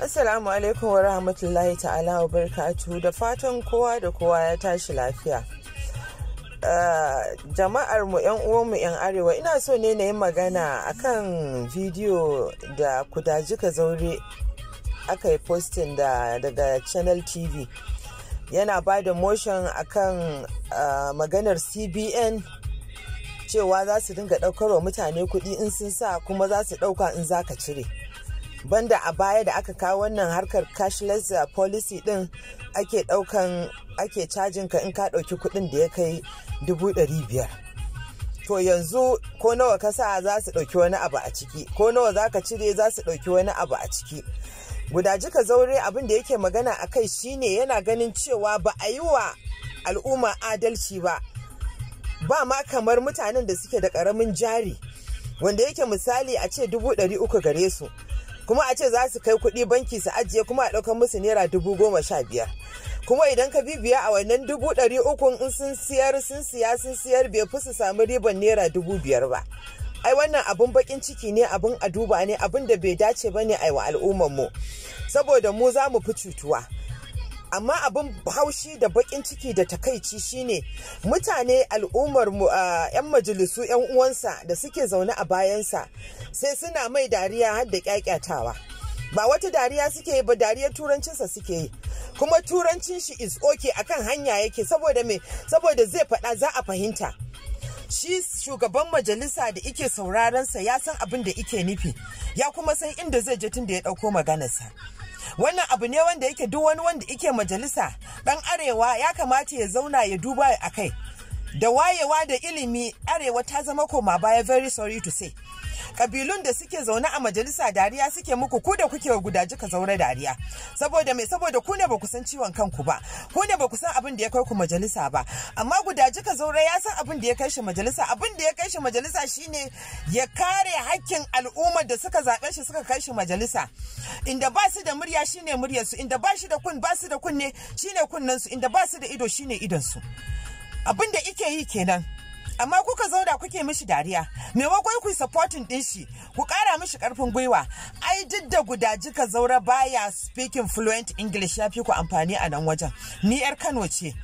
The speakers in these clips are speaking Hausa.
Assalamu alaikum wa rahmatullahi ta'ala wa barkatu da fatan kowa da kowa ya tashi lafiya. Uh, jama'ar mu yan uwan mu yan arewa ina so ne na yi magana akan bidiyo da kudajika zaure aka yi postin da daga channel tv yana ba da motion akan uh, maganar cbn cewa za su dinga daukar wa mutane kudi in sun sa kuma za su dauka in za ka cire banda a baya da aka kawo wannan harkar cashless uh, policy din ake daukan ake cajin ka in ka dauki kudin da ya kai dubu biyar to yanzu ko nawa ka sa za su dauki wani abu a ciki ko nawa za ka cire za su dauki wani abu a ciki Guda jika zaure abin da yake magana a kai shine yana ganin cewa ba a yi wa al'umma adalci ba ba ma kamar mutanen da suke da karamin jari wanda yake misali a ce dubu ɗari uku gare su kuma a ce za su kai kuɗi banki su ajiye kuma a ɗaukar musu naira dubu goma sha biyar kuma idan ka bibiya a wannan dubu ɗari uku in sun siyar sun siya sun siyar bai fi su samu riban naira dubu biyar ba ai wannan abun bakin ciki ne abun a duba ne abun da bai dace ba ne yi wa al'ummar mu saboda mu za mu fi cutuwa amma abin haushi da bakin ciki da takaici shine mutane al'ummar mu yan majalisu yan uwansa da suke zaune a bayansa sai suna mai dariya har da kyakyatawa ba wata dariya suke yi ba dariyar turancinsa suke yi kuma turancin shi is okay akan hanya yake saboda me saboda zai faɗa za a fahimta shi shugaban majalisa da ike sauraron ya san abin da ike nufi ya kuma san inda zai je tun da ya ɗauko maganarsa wannan abu ne wanda yake duk wani wanda ike majalisa ɗan arewa ya kamata ya zauna ya duba a kai da wayewa da ilimi arewa ta zama koma baya very sorry to say kabilun da suke zaune a majalisa dariya suke muku ku da kuke gudaji ka zaure dariya saboda mai saboda ku ne ba ku san ciwon kanku ba ku ne ba ku san abin da ya kai ku majalisa ba amma gudaji ka zaure ya san abin da ya kai shi majalisa abin da ya kai shi majalisa shine ya kare hakkin al'ummar da suka zaɓe shi suka kai shi majalisa inda ba su da murya shine muryar su inda ba shi da kun ba su da kunne shine kunnen su inda ba su da ido shine idon su abin da ike yi kenan amma kuka zauna kuke mishi dariya maimakon ku supporting din shi ku kara mishi karfin gwiwa ai duk da gudaji ka zaura baya speaking fluent english ya fi ku amfani a nan wajen ni yar kano ce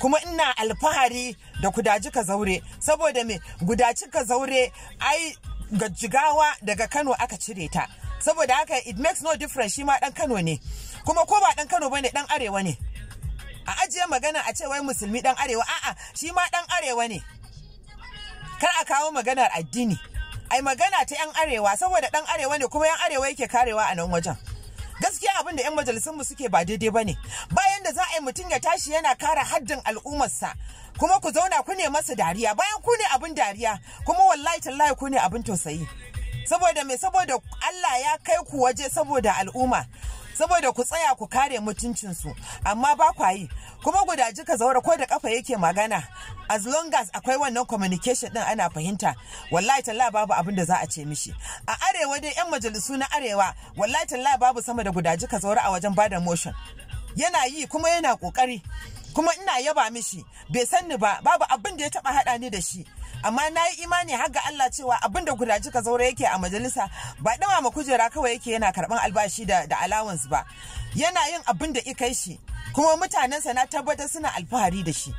kuma ina alfahari da gudaji ka zaure saboda me gudaji ka zaure ai gajigawa daga kano aka cire ta saboda haka it makes no difference shi ma dan kano ne kuma ko ba dan kano bane dan arewa ne a ajiye magana a ce wai musulmi dan arewa a'a shi ma dan arewa ne kar a kawo maganar addini ai magana ta yan arewa saboda dan arewa ne kuma yan arewa yake karewa a nan wajen gaskiya abin da yan mu suke ba daidai bane bayan da za a yi mutum ya tashi yana kare haddin al'ummarsa kuma ku zauna ku ne masa dariya bayan ku ne abin dariya kuma wallahi tallahi ku ne abin tausayi saboda me saboda Allah ya kai ku waje saboda al'umma saboda ku tsaya ku kare mutuncinsu amma ba kwa yi kuma gudaji ka zaura ko da kafa yake magana as long as akwai wannan communication din ana fahimta wallahi talla babu abin da za a ce mishi a arewa dai yan majalisu na arewa wallahi talla babu sama da gudaji ka zaura a wajen bada motion yana yi kuma yana kokari kuma ina yaba mishi bai san ba babu abin da ya taba hada ni da shi amma na yi imani har ga Allah cewa abinda gudaji ka zaure yake a majalisa ba dama ma kujera kawai yake yana karban albashi da da allowance ba yana yin abinda da ikai shi kuma mutanensa na tabbatar suna alfahari da shi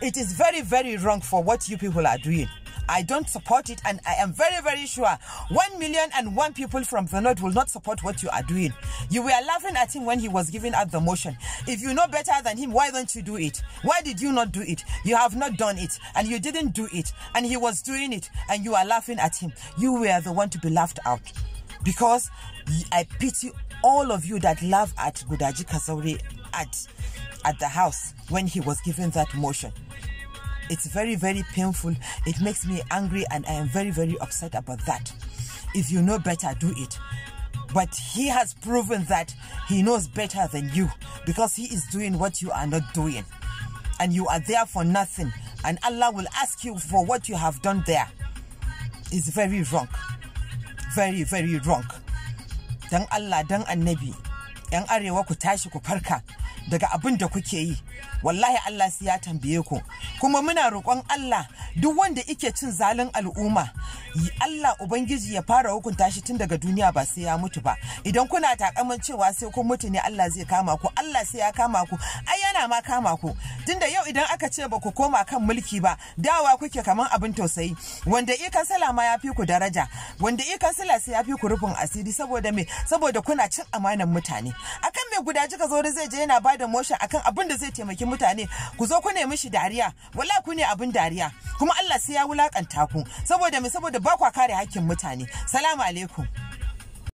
it is very very wrong for what you people are doing I don't support it, and I am very, very sure one million and one people from the north will not support what you are doing. You were laughing at him when he was giving out the motion. If you know better than him, why don't you do it? Why did you not do it? You have not done it, and you didn't do it, and he was doing it, and you are laughing at him. You were the one to be laughed out because I pity all of you that laugh at Gudaji Kazauri at at the house when he was giving that motion. It's very, very painful. It makes me angry and I am very, very upset about that. If you know better, do it. But he has proven that he knows better than you because he is doing what you are not doing. And you are there for nothing. And Allah will ask you for what you have done there. It's very wrong. Very, very wrong. Dan Allah, dan annabi. 'yan arewa ku tashi ku farka daga abin da kuke yi wallahi Allah sai ya tambaye ku kuma muna roƙon Allah duk wanda ike cin zalin al'umma Allah ubangiji ya fara hukunta shi tun daga duniya ba sai ya mutu ba idan kuna takaman cewa sai kun mutu ne Allah zai kama ku Allah sai ya kama ku ai yana ma kama ku tunda yau idan aka ce ba ku koma kan mulki ba dawa kuke kaman abin tausayi wanda i kansala ma ya fi ku daraja wanda i kansala sai ya fi ku rufin asiri saboda me saboda kuna cin amanan mutane akan mai guda kika zo zai je yana bada motion akan abin da zai taimaki mutane ku zo ku nemi shi dariya wala ku ne abin dariya kuma Allah sai ya wulakanta ku saboda me saboda ba kwa kare hakkin mutane salamu alaikum